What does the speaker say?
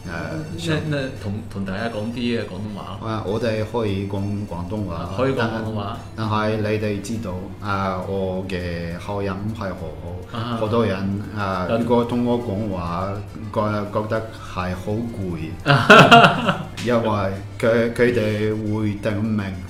誒、uh, so,，同同大家講啲嘅廣東話、uh, 我哋可以講廣東話，可以講廣東話，但係你哋知道，啊、uh,，我嘅口音係係好好，好、uh, 多人啊，uh, uh, 如果同我講話，覺得覺得係好攰， 因為佢佢哋會聽唔明。